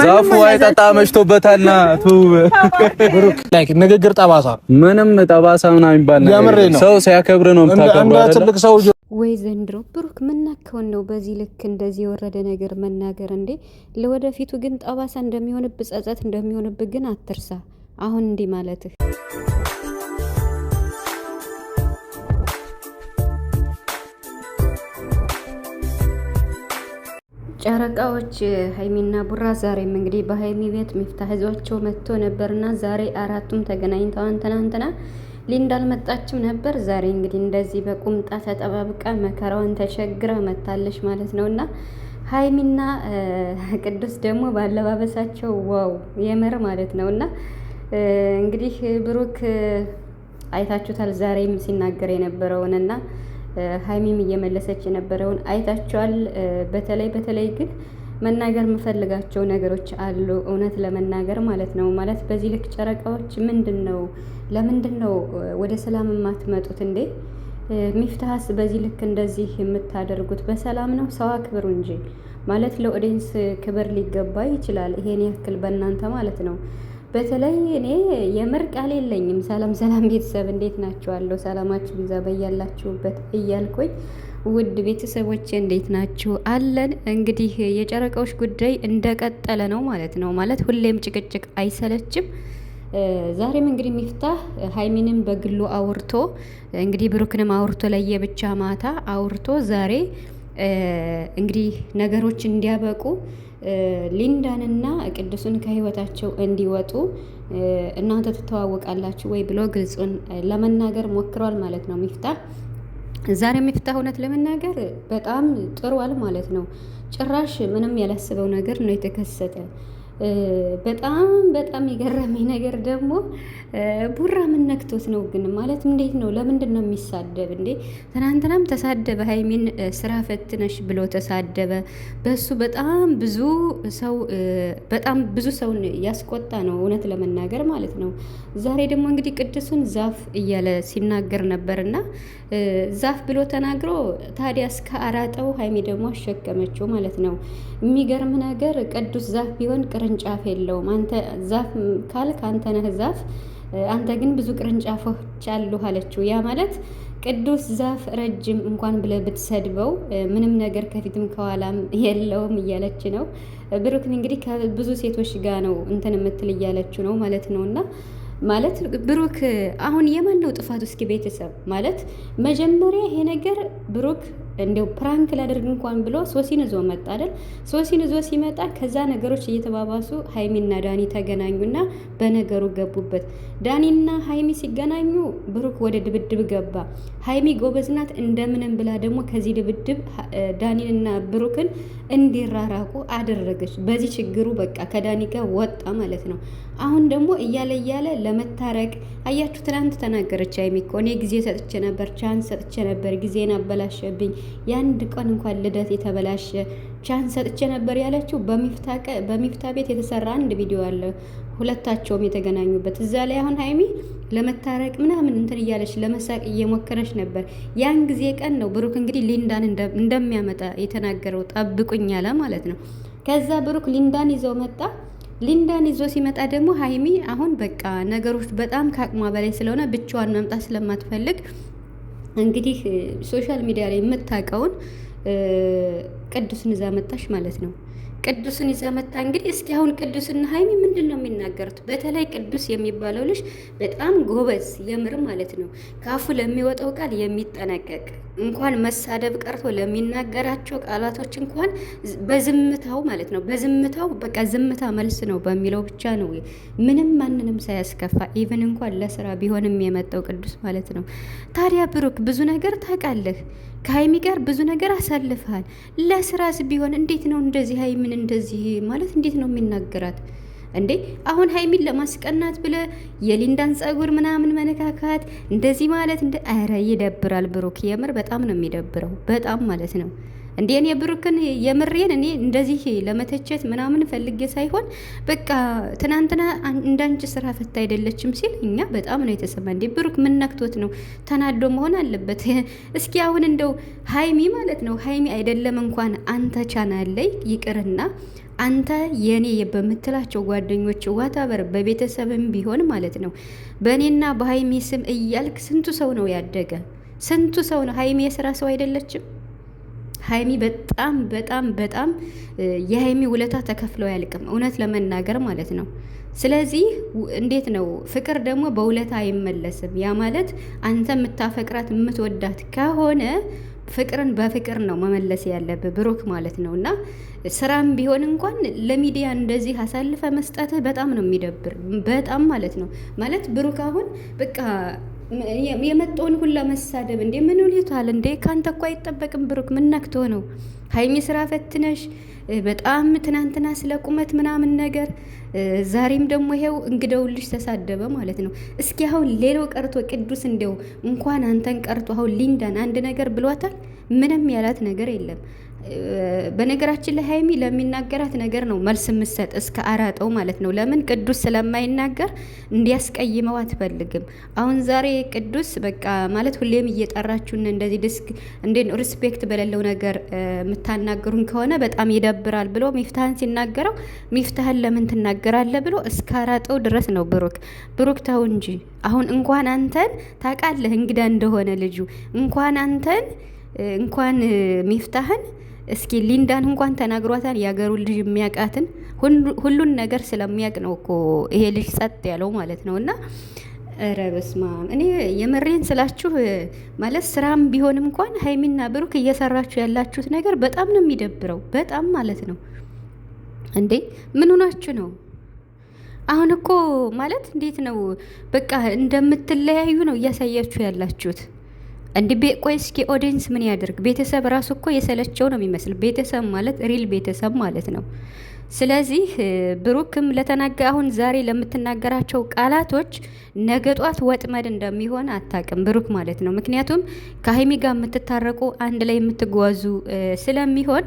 ዛፉ አይጠጣ መሽቶበታልና ንግግር ጠባሳ ምንም ጠባሳ ምናምን የሚባል ነገር ሰው ሲያከብር ነው ትልቅ ሰው ወይ ዘንድሮ ብሩክ ምናከውን ነው በዚህ ልክ እንደዚህ የወረደ ነገር መናገር እንዴ ለወደፊቱ ግን ጠባሳ እንደሚሆንብ ጸጸት እንደሚሆንብ ግን አትርሳ አሁን እንዲህ ማለትህ ጨረቃዎች ሀይሚና ቡራ ዛሬም እንግዲህ በሀይሚ ቤት ሚፍታህ ይዟቸው መጥቶ ነበርና ዛሬ አራቱም ተገናኝተዋን። ትናንትና ሊንዳ አልመጣችም ነበር። ዛሬ እንግዲህ እንደዚህ በቁምጣ ተጠባብቃ መከራዋን ተቸግራ መታለች ማለት ነው። እና ሀይሚና ቅዱስ ደግሞ ባለባበሳቸው ዋው የምር ማለት ነው። እና እንግዲህ ብሩክ አይታችሁታል ዛሬም ሲናገር የነበረውንና ሀይሚም እየመለሰች የነበረውን አይታችኋል። በተለይ በተለይ ግን መናገር የምፈልጋቸው ነገሮች አሉ፣ እውነት ለመናገር ማለት ነው። ማለት በዚህ ልክ ጨረቃዎች ምንድን ነው ለምንድን ነው ወደ ሰላም የማትመጡት እንዴ? ሚፍትሐስ በዚህ ልክ እንደዚህ የምታደርጉት በሰላም ነው? ሰው አክብሩ እንጂ ማለት ለኦዲንስ ክብር ሊገባ ይችላል። ይሄን ያክል በእናንተ ማለት ነው በተለይ እኔ የምር ቃል የለኝም። ሰላም ሰላም ቤተሰብ እንዴት ናችኋለሁ? ሰላማችሁ ብዛ በያላችሁበት እያልኩኝ ውድ ቤተሰቦቼ እንዴት ናችሁ? አለን እንግዲህ የጨረቃዎች ጉዳይ እንደቀጠለ ነው ማለት ነው። ማለት ሁሌም ጭቅጭቅ አይሰለችም። ዛሬም እንግዲህ ሚፍታህ ሀይሚንም በግሉ አውርቶ እንግዲህ ብሩክንም አውርቶ ለየብቻ ማታ አውርቶ ዛሬ እንግዲህ ነገሮች እንዲያበቁ ሊንዳንና ቅዱስን ከህይወታቸው እንዲወጡ እናንተ ትተዋወቃላችሁ ወይ ብሎ ግልጹን ለመናገር ሞክሯል ማለት ነው ሚፍታ ዛሬ የሚፍታህ እውነት ለመናገር በጣም ጥሯል ማለት ነው። ጭራሽ ምንም ያላስበው ነገር ነው የተከሰተ በጣም በጣም የገረመኝ ነገር ደግሞ ቡራ ምን ነክቶት ነው ግን? ማለት እንዴት ነው? ለምንድን ነው የሚሳደብ እንዴ? ትናንትናም ተሳደበ፣ ሀይሚን ስራ ፈትነሽ ብሎ ተሳደበ። በሱ በጣም ብዙ ሰው በጣም ብዙ ሰውን ያስቆጣ ነው እውነት ለመናገር ማለት ነው። ዛሬ ደግሞ እንግዲህ ቅዱሱን ዛፍ እያለ ሲናገር ነበርና ዛፍ ብሎ ተናግሮ ታዲያ እስከ አራጠው ሀይሚ ደግሞ አሸከመችው ማለት ነው። የሚገርም ነገር ቅዱስ ዛፍ ቢሆን ቅር ቅርንጫፍ የለውም። አንተ ዛፍ ካልክ አንተ ነህ ዛፍ፣ አንተ ግን ብዙ ቅርንጫፎች አሉ አለችው። ያ ማለት ቅዱስ ዛፍ ረጅም እንኳን ብለህ ብትሰድበው ምንም ነገር ከፊትም ከኋላም የለውም እያለች ነው። ብሩክን እንግዲህ ከብዙ ሴቶች ጋር ነው እንትን የምትል እያለችው ነው ማለት ነው እና ማለት ብሩክ አሁን የማን ነው ጥፋቱ? እስኪ ቤተሰብ ማለት መጀመሪያ ይሄ ነገር ብሩክ እንደው ፕራንክ ላደርግ እንኳን ብሎ ሶሲን ይዞ መጣ አይደል? ሶሲን ይዞ ሲመጣ ከዛ ነገሮች እየተባባሱ ሀይሚና ዳኒ ተገናኙና በነገሩ ገቡበት። ዳኒና ሀይሚ ሲገናኙ ብሩክ ወደ ድብድብ ገባ። ሀይሚ ጎበዝናት እንደምንም ብላ ደግሞ ከዚህ ድብድብ ዳኒንና ብሩክን እንዲራራቁ አደረገች። በዚህ ችግሩ በቃ ከዳኒ ጋር ወጣ ማለት ነው። አሁን ደግሞ እያለ እያለ ለመታረቅ አያችሁ፣ ትናንት ተናገረች ሀይሚ እኮ እኔ ጊዜ ሰጥቼ ነበር፣ ቻንስ ሰጥቼ ነበር፣ ጊዜን አበላሸብኝ የአንድ ቀን እንኳን ልደት የተበላሸ ቻንስ ሰጥቼ ነበር ያለችው በሚፍታ ቤት የተሰራ አንድ ቪዲዮ አለ፣ ሁለታቸውም የተገናኙበት እዛ ላይ አሁን ሀይሚ ለመታረቅ ምናምን እንትን እያለች ለመሳቅ እየሞከረች ነበር። ያን ጊዜ ቀን ነው ብሩክ እንግዲህ ሊንዳን እንደሚያመጣ የተናገረው ጠብቁኝ ያለ ማለት ነው። ከዛ ብሩክ ሊንዳን ይዘው መጣ። ሊንዳን ይዞ ሲመጣ ደግሞ ሀይሚ አሁን በቃ ነገሮች በጣም ከአቅሟ በላይ ስለሆነ ብቻዋን መምጣት ስለማትፈልግ እንግዲህ ሶሻል ሚዲያ ላይ የምታውቀውን ቅዱስን እዛ መጣሽ ማለት ነው። ቅዱስን ይዛ መጣ። እንግዲህ እስኪ አሁን ቅዱስና ሀይሚ ምንድን ነው የሚናገሩት? በተለይ ቅዱስ የሚባለው ልጅ በጣም ጎበዝ፣ የምር ማለት ነው። ካፉ ለሚወጣው ቃል የሚጠነቀቅ እንኳን መሳደብ ቀርቶ ለሚናገራቸው ቃላቶች እንኳን በዝምታው ማለት ነው በዝምታው በቃ ዝምታ መልስ ነው በሚለው ብቻ ነው ምንም ማንንም ሳያስከፋ ኢቨን እንኳን ለስራ ቢሆንም የመጣው ቅዱስ ማለት ነው። ታዲያ ብሩክ ብዙ ነገር ታውቃለህ ከሀይሚ ጋር ብዙ ነገር አሳልፈሃል። ለስራስ ቢሆን እንዴት ነው እንደዚህ ሀይሚን እንደዚህ ማለት እንዴት ነው የሚናገራት እንዴ? አሁን ሀይሚን ለማስቀናት ብለ የሊንዳን ጸጉር ምናምን መነካካት እንደዚህ ማለት እንደ ኧረ ይደብራል። ብሩክ የምር በጣም ነው የሚደብረው፣ በጣም ማለት ነው። እንዴ እኔ ብሩክን የምሬን እኔ እንደዚህ ለመተቸት ምናምን ፈልጌ ሳይሆን በቃ ትናንትና እንዳንቺ ስራ ፈታ አይደለችም ሲል እኛ በጣም ነው የተሰማ። እንዴ ብሩክ ምን ነክቶት ነው? ተናዶ መሆን አለበት። እስኪ አሁን እንደው ሀይሚ ማለት ነው ሀይሚ አይደለም እንኳን አንተ ቻናል ይቅርና አንተ የኔ በምትላቸው ጓደኞች ዋታበር በቤተሰብም ቢሆን ማለት ነው በእኔና በሀይሚ ስም እያልክ ስንቱ ሰው ነው ያደገ፣ ስንቱ ሰው ነው ሀይሚ የስራ ሰው አይደለችም። ሀይሚ በጣም በጣም በጣም የሀይሚ ውለታ ተከፍለው አያልቅም፣ እውነት ለመናገር ማለት ነው። ስለዚህ እንዴት ነው ፍቅር ደግሞ በውለታ አይመለስም። ያ ማለት አንተ የምታፈቅራት የምትወዳት ከሆነ ፍቅርን በፍቅር ነው መመለስ ያለብህ ብሩክ ማለት ነው። እና ስራም ቢሆን እንኳን ለሚዲያ እንደዚህ አሳልፈ መስጠትህ በጣም ነው የሚደብር፣ በጣም ማለት ነው። ማለት ብሩክ አሁን በቃ የመጣውን ሁላ መሳደብ እንዴ ምን ሁኔታል እንዴ? ከአንተ እኮ አይጠበቅም ብሩክ፣ ምን ነክቶ ነው? ሀይሚ ስራ ፈትነሽ በጣም ትናንትና ስለ ቁመት ምናምን ነገር፣ ዛሬም ደግሞ ይሄው እንግደውልሽ ተሳደበ ማለት ነው። እስኪ አሁን ሌላው ቀርቶ ቅዱስ እንደው እንኳን አንተን ቀርቶ አሁን ሊንዳን አንድ ነገር ብሏታል። ምንም ያላት ነገር የለም። በነገራችን ላይ ሀይሚ ለሚናገራት ነገር ነው መልስ የምትሰጥ እስከ አራጠው ማለት ነው። ለምን ቅዱስ ስለማይናገር እንዲያስቀይመው አትፈልግም። አሁን ዛሬ ቅዱስ በቃ ማለት ሁሌም እየጠራችሁን እንደዚህ ዲስክ እንዴት ሪስፔክት በሌለው ነገር የምታናገሩን ከሆነ በጣም ይደብራል ብሎ ሚፍታህን ሲናገረው ሚፍታህን ለምን ትናገራለ ብሎ እስከ አራጠው ድረስ ነው። ብሩክ ብሩክ ተው እንጂ አሁን እንኳን አንተን ታውቃለህ እንግዳ እንደሆነ ልጁ እንኳን አንተን እንኳን ሚፍታህን እስኪ ሊንዳን እንኳን ተናግሯታል። የሀገሩ ልጅ የሚያውቃትን ሁሉን ነገር ስለሚያውቅ ነው እኮ ይሄ ልጅ ጸጥ ያለው ማለት ነው። እና ኧረ በስመ አብ እኔ የምሬን ስላችሁ ማለት ስራም ቢሆንም እንኳን ሀይሚና ብሩክ እየሰራችሁ ያላችሁት ነገር በጣም ነው የሚደብረው። በጣም ማለት ነው እንዴ! ምን ሆናችሁ ነው? አሁን እኮ ማለት እንዴት ነው በቃ እንደምትለያዩ ነው እያሳያችሁ ያላችሁት። እንዲ ቆይ እስኪ ኦዲንስ ምን ያደርግ? ቤተሰብ ራሱ እኮ የሰለቸው ነው የሚመስል ቤተሰብ ማለት ሪል ቤተሰብ ማለት ነው። ስለዚህ ብሩክም ለተናገ አሁን ዛሬ ለምትናገራቸው ቃላቶች ነገ ጧት ወጥመድ እንደሚሆን አታቅም ብሩክ ማለት ነው። ምክንያቱም ከሀይሚ ጋር የምትታረቁ አንድ ላይ የምትጓዙ ስለሚሆን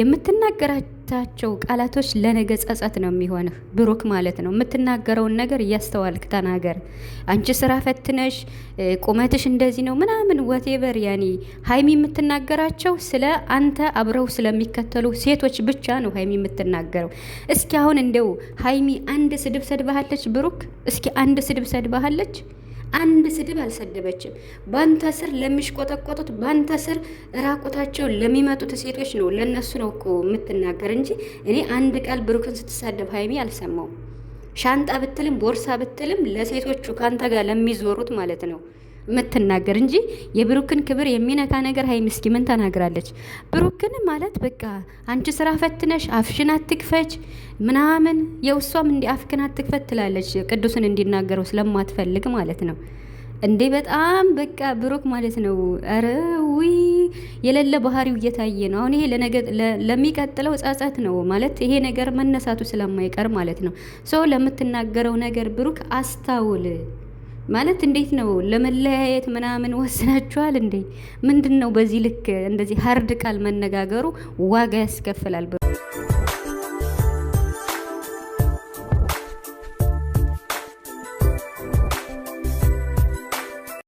የምትን የምትናገራቸው ቃላቶች ለነገ ጸጸት ነው የሚሆንህ ብሩክ ማለት ነው። የምትናገረውን ነገር እያስተዋልክ ተናገር። አንቺ ስራ ፈትነሽ ቁመትሽ እንደዚህ ነው ምናምን ወቴቨር፣ ያኔ ሀይሚ የምትናገራቸው ስለ አንተ አብረው ስለሚከተሉ ሴቶች ብቻ ነው ሀይሚ የምትናገረው። እስኪ አሁን እንደው ሀይሚ አንድ ስድብ ሰድባሃለች ብሩክ? እስኪ አንድ ስድብ ሰድባሃለች? አንድ ስድብ አልሰደበችም። ባንተ ስር ለሚሽቆጠቆጡት ባንተ ስር ራቁታቸው ለሚመጡት ሴቶች ነው ለእነሱ ነው እኮ የምትናገር እንጂ እኔ አንድ ቃል ብሩክን ስትሳደብ ሀይሚ አልሰማውም። ሻንጣ ብትልም ቦርሳ ብትልም ለሴቶቹ ከአንተ ጋር ለሚዞሩት ማለት ነው የምትናገር እንጂ የብሩክን ክብር የሚነካ ነገር ሀይሚ እስኪ ምን ተናግራለች? ብሩክን ማለት በቃ አንቺ ስራ ፈትነሽ አፍሽን አትክፈች ምናምን የውሷም እንዲ አፍክን አትክፈት ትላለች፣ ቅዱስን እንዲናገረው ስለማትፈልግ ማለት ነው። እንዴ በጣም በቃ ብሩክ ማለት ነው። ኧረ ውይ የሌለ ባህሪው እየታየ ነው። አሁን ይሄ ለሚቀጥለው ጸጸት ነው ማለት ይሄ ነገር መነሳቱ ስለማይቀር ማለት ነው። ሰው ለምትናገረው ነገር ብሩክ አስታውል። ማለት እንዴት ነው ለመለያየት ምናምን ወስናችኋል እንዴ? ምንድን ነው በዚህ ልክ እንደዚህ ሀርድ ቃል መነጋገሩ ዋጋ ያስከፍላል።